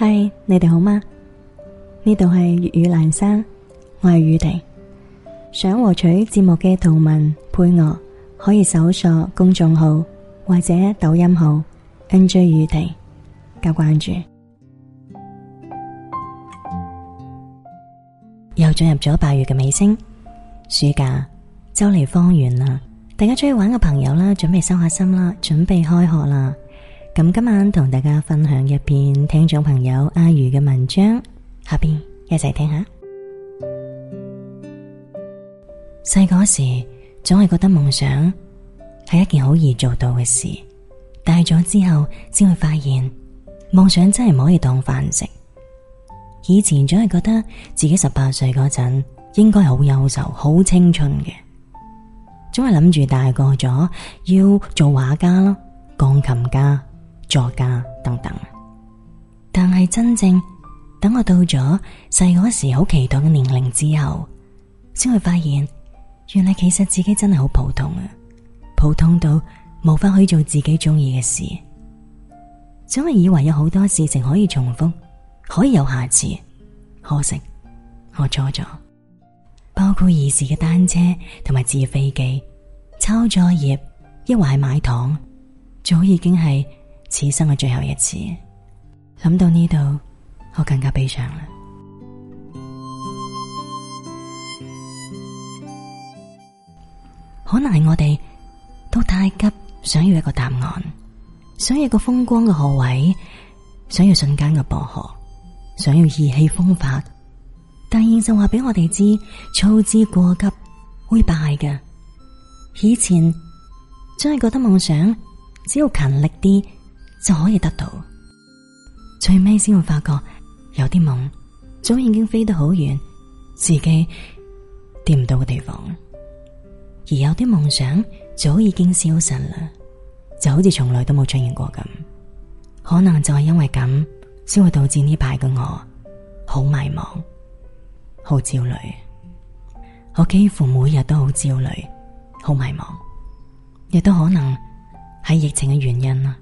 嗨，Hi, 你哋好嗎？呢度係粵語蘭山，我係雨婷。想獲取節目嘅圖文配樂，可以搜索公眾號或者抖音號 N J 雨婷加關注。又進入咗八月嘅尾聲，暑假就嚟放完啦。大家出去玩嘅朋友啦，準備收下心啦，準備開學啦。咁今晚同大家分享一篇聽眾朋友阿如嘅文章，下邊一齊聽一下。細個 時總係覺得夢想係一件好易做到嘅事，大咗之後先會發現夢想真係唔可以當飯食。以前總係覺得自己十八歲嗰陣應該好憂愁、好青春嘅，總係諗住大個咗要做畫家啦、鋼琴家。作家等等，但係真正等我到咗細嗰時好期待嘅年齡之後，先會發現，原來其實自己真係好普通啊，普通到冇法去做自己中意嘅事。總係以為有好多事情可以重複，可以有下次，可惜我錯咗，包括兒時嘅單車同埋紙飛機、抄作業，抑或係買糖，早已經係，此生嘅最後一次，諗到呢度，我更加悲傷啦。可能係我哋都太急，想要一個答案，想要一個風光嘅河位，想要瞬間嘅薄荷，想要意氣風發，但現實就話俾我哋知，操之過急會敗嘅。以前真係覺得夢想，只要勤力啲。就可以得到，最尾先會發覺有啲夢早已經飛得好遠，自己掂唔到嘅地方；而有啲夢想早已經消失啦，就好似從來都冇出現過咁。可能就係因為咁，先會導致呢排嘅我好迷茫、好焦慮。我幾乎每日都好焦慮、好迷茫，亦都可能係疫情嘅原因啦。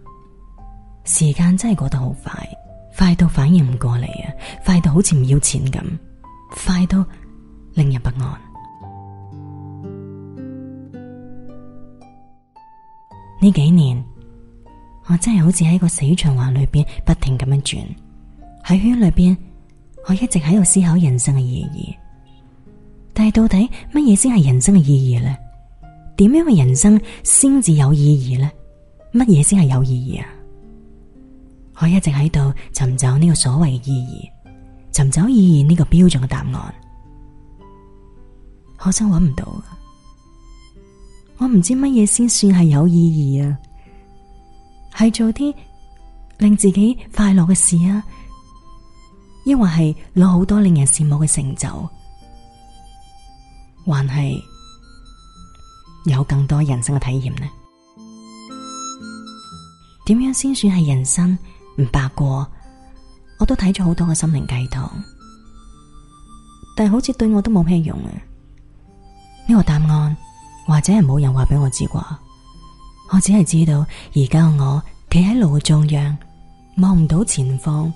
時間真係過得好快，快到反應唔過嚟啊！快到好似唔要錢咁，快到令人不安。呢 幾年，我真係好似喺個死循環裏邊不停咁樣轉喺圈裏邊。我一直喺度思考人生嘅意義，但係到底乜嘢先係人生嘅意義呢？點樣嘅人生先至有意義呢？乜嘢先係有意義啊？我一直喺度尋找呢個所謂嘅意義，尋找意義呢個標準嘅答案，可惜揾唔到。我唔知乜嘢先算係有意義啊？係做啲令自己快樂嘅事啊，抑或係攞好多令人羨慕嘅成就，還係有更多人生嘅體驗呢？點樣先算係人生？唔白過，我都睇咗好多嘅心靈雞湯，但係好似對我都冇咩用啊！呢個答案或者係冇人話俾我知啩，我只係知道而家我企喺路嘅中央，望唔到前方，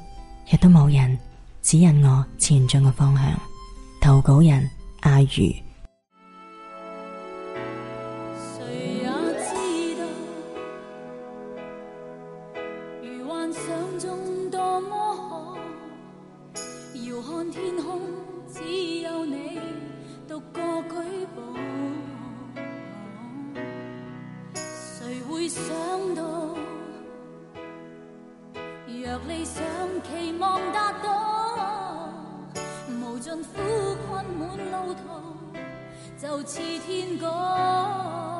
亦都冇人指引我前進嘅方向。投稿人阿如。想中多麼好，遙看天空只有你獨個舉步。誰會想到，若理想期望達到，無盡苦困滿路途，就似天歌。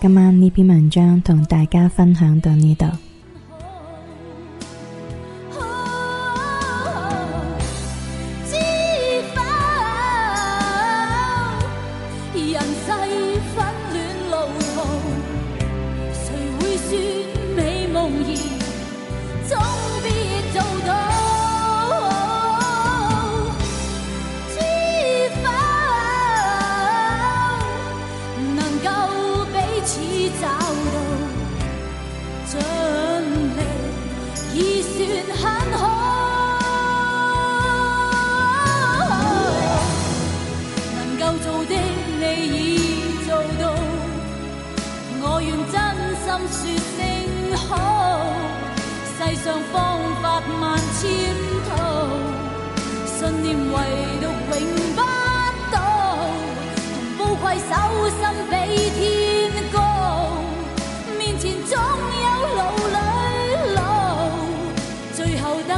今晚呢篇文章同大家分享到呢度。